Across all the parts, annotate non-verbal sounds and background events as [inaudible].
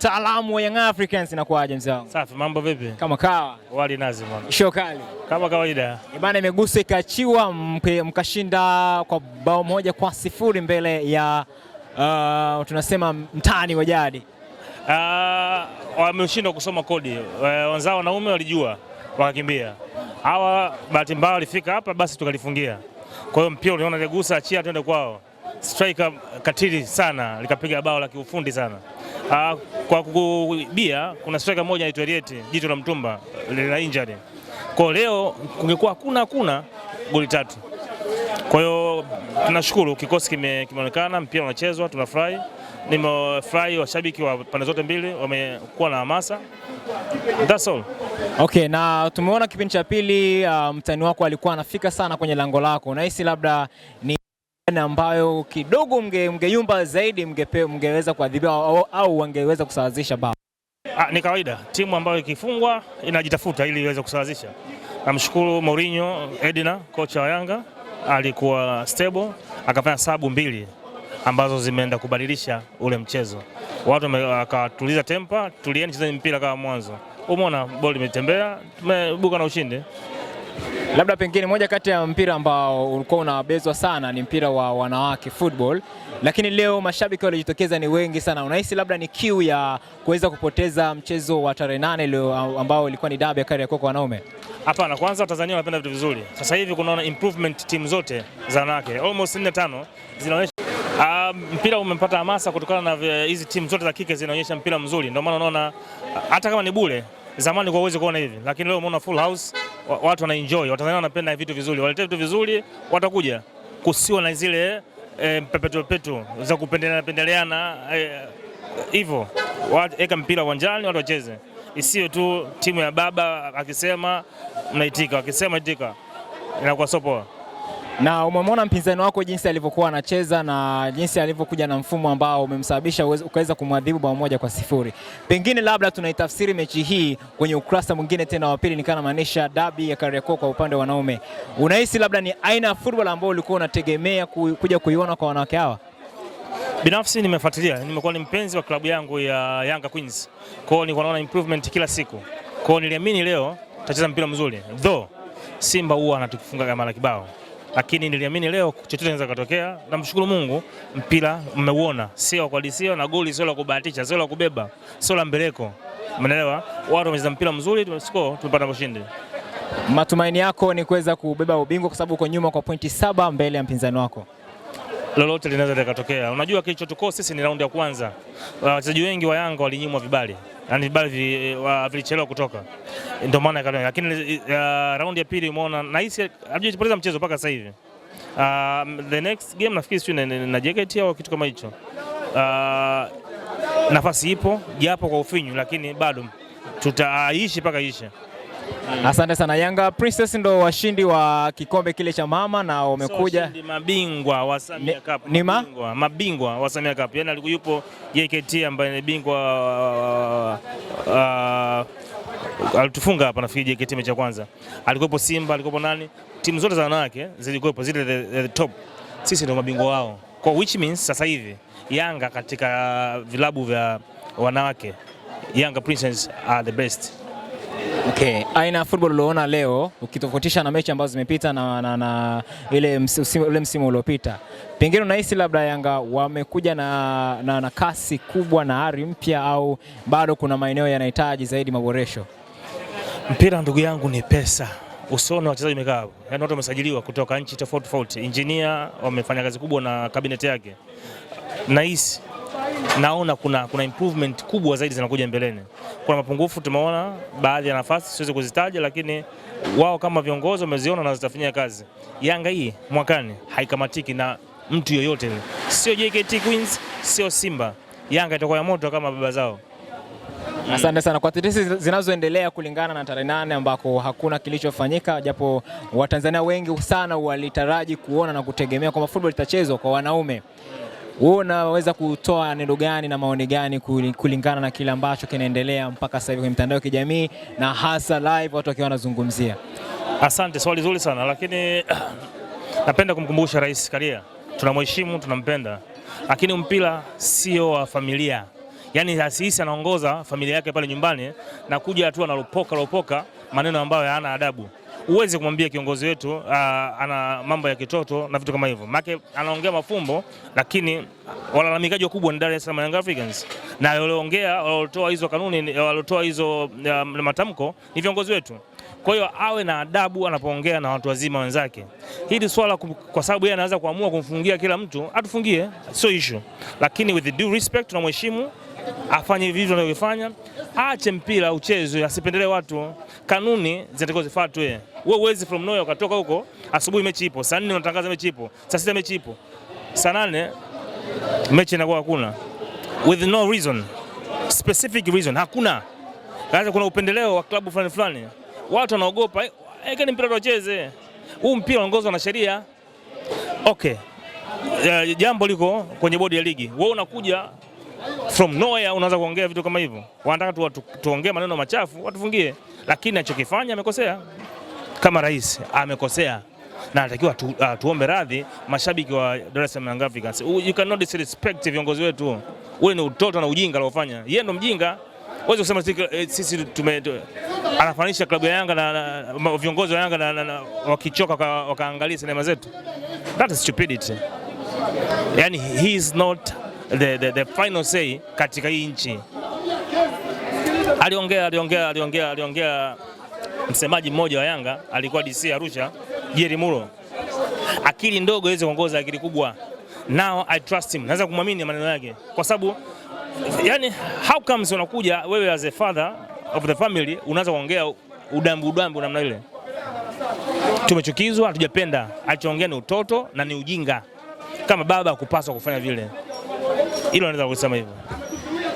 mtaalamu wa Young Africans inakuaje mzee wangu? Safi, mambo vipi? Kama kawa. Wali nazi bwana. Show kali. Kama kawaida. Bana imegusa ikaachiwa mkashinda kwa bao moja kwa sifuri mbele ya uh, tunasema mtani wa jadi. Uh, wameshindwa kusoma kodi. Eh, wenzao wanaume walijua wakakimbia. Hawa bahati mbaya walifika hapa basi tukalifungia. Kwa hiyo mpira uliona ligusa achia twende kwao striker katili sana, likapiga bao la kiufundi sana. uh, kwa kukubia kuna striker mmoja anaitwa Elieti jitu la mtumba lina injury. Kwa leo kungekuwa hakuna hakuna goli tatu. Kwa hiyo tunashukuru kikosi kimeonekana, mpira unachezwa, tunafurahi. Nimefurahi washabiki wa pande zote mbili wamekuwa na hamasa. That's all. Okay, na tumeona kipindi cha pili uh, mtani wako alikuwa anafika sana kwenye lango lako. Unahisi labda ni ambayo kidogo mgeyumba mge zaidi mgeweza mngeweza kuadhibiwa au, au wangeweza kusawazisha bao. Ah, ni kawaida timu ambayo ikifungwa inajitafuta ili iweze kusawazisha. Namshukuru Mourinho Edina, kocha wa Yanga, alikuwa stable akafanya sabu mbili ambazo zimeenda kubadilisha ule mchezo, watu wakatuliza tempa, tulieni chezeni mpira kama mwanzo. Umeona boli imetembea, tumebuka na ushindi. Labda pengine moja kati ya mpira ambao ulikuwa unabezwa sana ni mpira wa wanawake football, lakini leo mashabiki waliojitokeza ni wengi sana. Unahisi labda ni kiu ya kuweza kupoteza mchezo wa tarehe nane leo ambao ilikuwa ni dabi ya Kariakoo kwa wanaume? Hapana, kwanza Tanzania wanapenda vitu vizuri. Sasa hivi kunaona improvement timu zote za wanawake almost 45 zinaonyesha Uh, mpira umepata hamasa kutokana na hizi timu zote za kike zinaonyesha mpira mzuri, ndio maana unaona hata kama ni bure, zamani kwa uwezo kuona hivi, lakini leo umeona full house watu wanaenjoy, Watanzania wanapenda vitu vizuri, walete vitu vizuri, watakuja. Kusiwa na zile e, za kupendeleana pendeleana eh, hivyo e, eka mpira uwanjani watu wacheze, isiyo tu timu ya baba akisema mnaitika, akisema itika, inakuwa sio poa. Na umemwona mpinzani wako jinsi alivyokuwa anacheza na jinsi alivyokuja na mfumo ambao umemsababisha ukaweza kumwadhibu bao moja kwa sifuri. Pengine labda tunaitafsiri mechi hii kwenye ukurasa mwingine tena wa pili, nikana maanisha dabi ya Kariakoo kwa upande wa wanaume. Unahisi labda ni aina ya football ambayo ulikuwa unategemea kuja kuiona kwa wanawake hawa? Binafsi nimefuatilia, nimekuwa ni mpenzi wa klabu yangu ya Yanga Queens, kwa hiyo naona improvement kila siku, kwa hiyo niliamini leo tutacheza mpira mzuri, though Simba huwa anatufunga mara kibao lakini niliamini leo chochote kinaweza kutokea. Namshukuru Mungu, mpira mmeuona, sio kwa disio na goli sio la kubahatisha, sio la kubeba, sio la mbeleko, umeelewa? Watu wamecheza mpira mzuri, tumescore, tumepata ushindi. Matumaini yako ni kuweza kubeba ubingwa kwa sababu uko nyuma kwa pointi saba mbele ya mpinzani wako. Lolote linaweza likatokea. Unajua kilichotukoa sisi ni raundi ya kwanza, uh, wachezaji wengi wa Yanga walinyimwa vibali yani vibali eh, vilichelewa kutoka, ndio maana ikatoka. Lakini uh, eh, raundi ya pili umeona nahisi hajapoteza mchezo mpaka sasa hivi. Uh, the next game nafikiri sio na JKT au kitu kama hicho. Uh, nafasi ipo japo kwa ufinyu, lakini bado tutaishi mpaka ishe. Mm. Asante sana. Yanga Princess ndo washindi wa kikombe kile cha mama na umekuja So, mabingwa wa Samia Cup. Ni mabingwa, mabingwa wa Samia Cup. Yaani alikuwa yupo JKT ambaye ni bingwa uh, uh, alitufunga hapa nafikiri JKT mechi ya kwanza. Alikuwepo Simba, alikuwepo nani? Timu zote za wanawake zilikuwepo zile the, the top. Sisi ndo mabingwa wao. Kwa which means sasa hivi Yanga katika uh, vilabu vya wanawake Yanga Princess are the best. Okay. Aina ya football ulioona leo ukitofautisha na mechi ambazo zimepita na, na, na ile msimu, ule msimu uliopita, pengine unahisi labda Yanga wamekuja na, na, na kasi kubwa na ari mpya au bado kuna maeneo yanahitaji zaidi maboresho? Mpira ndugu yangu ni pesa. Usione wachezaji wamekaa hapo, yaani watu wamesajiliwa kutoka nchi tofauti tofauti. Engineer wamefanya kazi kubwa na kabineti yake, nahisi naona kuna, kuna improvement kubwa zaidi zinakuja mbeleni. Kuna mapungufu tumeona baadhi ya nafasi, siwezi kuzitaja, lakini wao kama viongozi wameziona na zitafanyia kazi. Yanga hii mwakani haikamatiki na mtu yoyote, sio JKT Queens, sio Simba. Yanga itakuwa ya moto kama baba zao. Hmm. Asante sana kwa tetesi zinazoendelea kulingana na tarehe nane ambako hakuna kilichofanyika, japo Watanzania wengi sana walitaraji kuona na kutegemea kwamba football itachezwa kwa wanaume wewe unaweza kutoa neno gani na maoni gani kulingana na kile ambacho kinaendelea mpaka sasa hivi kwenye mitandao ya kijamii na hasa live watu wakiwa wanazungumzia? Asante, swali zuri sana lakini [clears throat] napenda kumkumbusha Rais Karia, tunamheshimu, tunampenda, lakini mpira sio wa familia. Yaani asihisi anaongoza familia yake pale nyumbani na kuja tu analopoka lopoka maneno ambayo hayana adabu huwezi kumwambia kiongozi wetu uh, ana mambo ya kitoto na vitu kama hivyo, maana anaongea mafumbo, lakini walalamikaji wakubwa ni Dar es Salaam Young Africans, na walioongea walotoa hizo kanuni walotoa hizo uh, matamko ni viongozi wetu. Kwa hiyo awe na adabu anapoongea na watu wazima wenzake. Hili swala kwa sababu yeye anaweza kuamua kumfungia kila mtu, atufungie, sio issue, lakini with due respect, tunamheshimu afanye vivyo anavyofanya, aache mpira uchezwe, asipendelee watu. Kanuni zinatakiwa zifuatwe. Wewe uwezi from nowhere ukatoka huko, asubuhi mechi ipo, saa nne unatangaza mechi ipo, saa sita mechi ipo, saa nane mechi inakuwa hakuna, with no reason specific reason, hakuna kaza. Kuna upendeleo wa klabu fulani fulani, watu wanaogopa, eh, ni mpira tuwacheze, huu mpira unaongozwa na sheria. Okay, eh, jambo liko kwenye bodi ya ligi, wewe unakuja from nowhere unaanza kuongea vitu kama hivyo. Wanataka tu, tuongee maneno machafu watufungie, lakini anachokifanya amekosea. Kama rais amekosea na anatakiwa tu, uh, tuombe radhi mashabiki wa Dar es Salaam Young Africans. You cannot disrespect viongozi wetu. Wewe ni utoto na ujinga aliofanya yeye, ndo mjinga Uwezi kusema sisi eh, tume anafanisha klabu ya Yanga na, na viongozi wa Yanga na, na, na, wakichoka wakaangalia sinema zetu. That is stupidity. Yani he is not the, the, the final say katika hii nchi. Aliongea, aliongea, aliongea, aliongea msemaji mmoja wa Yanga alikuwa DC Arusha, Jerry Muro, akili ndogo iweze kuongoza akili kubwa. Now I trust him, naweza kumwamini maneno yake kwa sababu yani, how comes unakuja wewe as a father of the family unaanza kuongea udambu udambu namna ile? Tumechukizwa, hatujapenda. Alichoongea ni utoto na ni ujinga. Kama baba kupaswa kufanya vile. Hilo naweza kusema hivyo.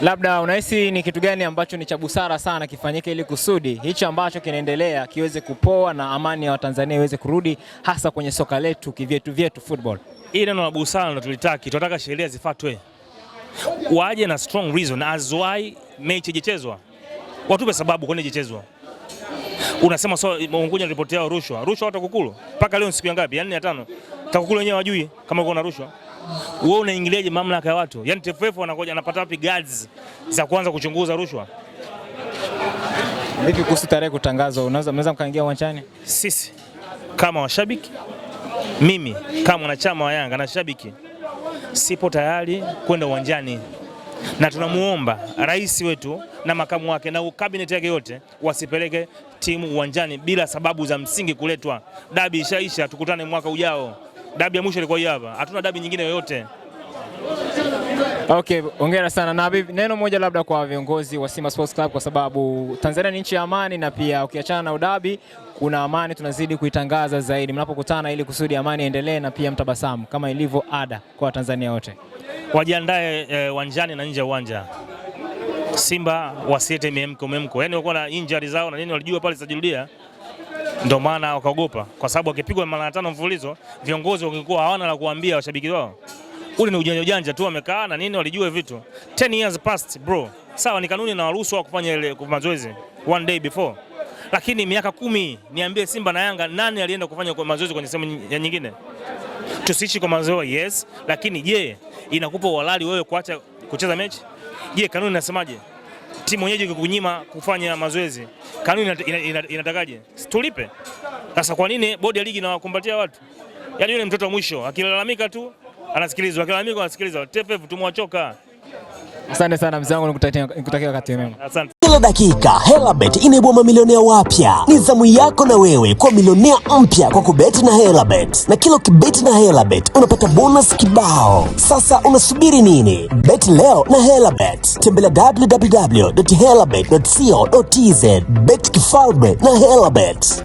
Labda unahisi ni kitu gani ambacho ni cha busara sana kifanyike ili kusudi hicho ambacho kinaendelea kiweze kupoa na amani ya Watanzania iweze kurudi hasa kwenye soka letu kivyetu vyetu football. Hili neno la busara ndo tulitaki, tunataka sheria zifuatwe, waje na strong reason as why mechi ijichezwa, watupe sababu kwa nini ijichezwa. Unasema so, Unguja ripoti yao rushwa, rushwa watakukulu mpaka leo siku ya ngapi? Yaani ya tano. Takukulu wenyewe wajui kama uko na rushwa wewe unaingiliaje mamlaka ya watu? Yaani TFF wanakoja anapata wapi guards za kuanza kuchunguza rushwa? Vipi kuhusu tarehe kutangazwa, unaweza mnaweza mkaingia uwanjani? Sisi kama washabiki, mimi kama mwanachama wa Yanga na shabiki, sipo tayari kwenda uwanjani, na tunamuomba rais wetu na makamu wake na kabineti yake yote wasipeleke timu uwanjani bila sababu za msingi kuletwa. Dabi ishaisha, tukutane mwaka ujao dabi ya mwisho ilikuwa hii hapa, hatuna dabi nyingine yoyote. Okay, hongera sana na neno moja labda kwa viongozi wa Simba Sports Club, kwa sababu Tanzania ni nchi ya amani, na pia ukiachana na udabi, kuna amani tunazidi kuitangaza zaidi mnapokutana, ili kusudi amani endelee na pia mtabasamu kama ilivyo ada kwa Watanzania wote. Wajiandae eh, uwanjani e, na nje ya uwanja. Simba wasiete miemko memko, yaani wako na injury zao na nini, walijua pale zitajirudia. Ndio maana wakaogopa, kwa sababu wakipigwa mara tano mfululizo, viongozi wakikuwa hawana la kuambia washabiki wao, ule ni ujanja ujanja tu, wamekaa na nini, walijua vitu. 10 years past bro, sawa, ni kanuni na waruhusu wao kufanya ile mazoezi one day before, lakini miaka kumi, niambie Simba na Yanga, nani alienda kufanya mazoezi kwenye sehemu nyingine? Tusiishi kwa mazoezi yes, lakini je, inakupa uhalali wewe kuacha kucheza mechi? Je, kanuni inasemaje? Timu mwenyeji ikikunyima kufanya mazoezi, kanuni inatakaje? ina, ina, ina, tulipe. Sasa kwa nini bodi ya ligi inawakumbatia watu? Yaani yule mtoto mwisho akilalamika tu anasikilizwa, akilalamika anasikilizwa. TFF tumewachoka. Asante sana mzee wangu, nikutakia wakati mwema. Asante. Kila dakika Helabet inaibua mamilionea wapya. Ni zamu yako na wewe kuwa milionea mpya kwa kubeti na Helabet, na kila ukibeti na Helabet unapata bonus kibao. Sasa unasubiri nini? Beti leo na Helabet. Tembelea www.helabet.co.tz. Bet kifalme na Helabet.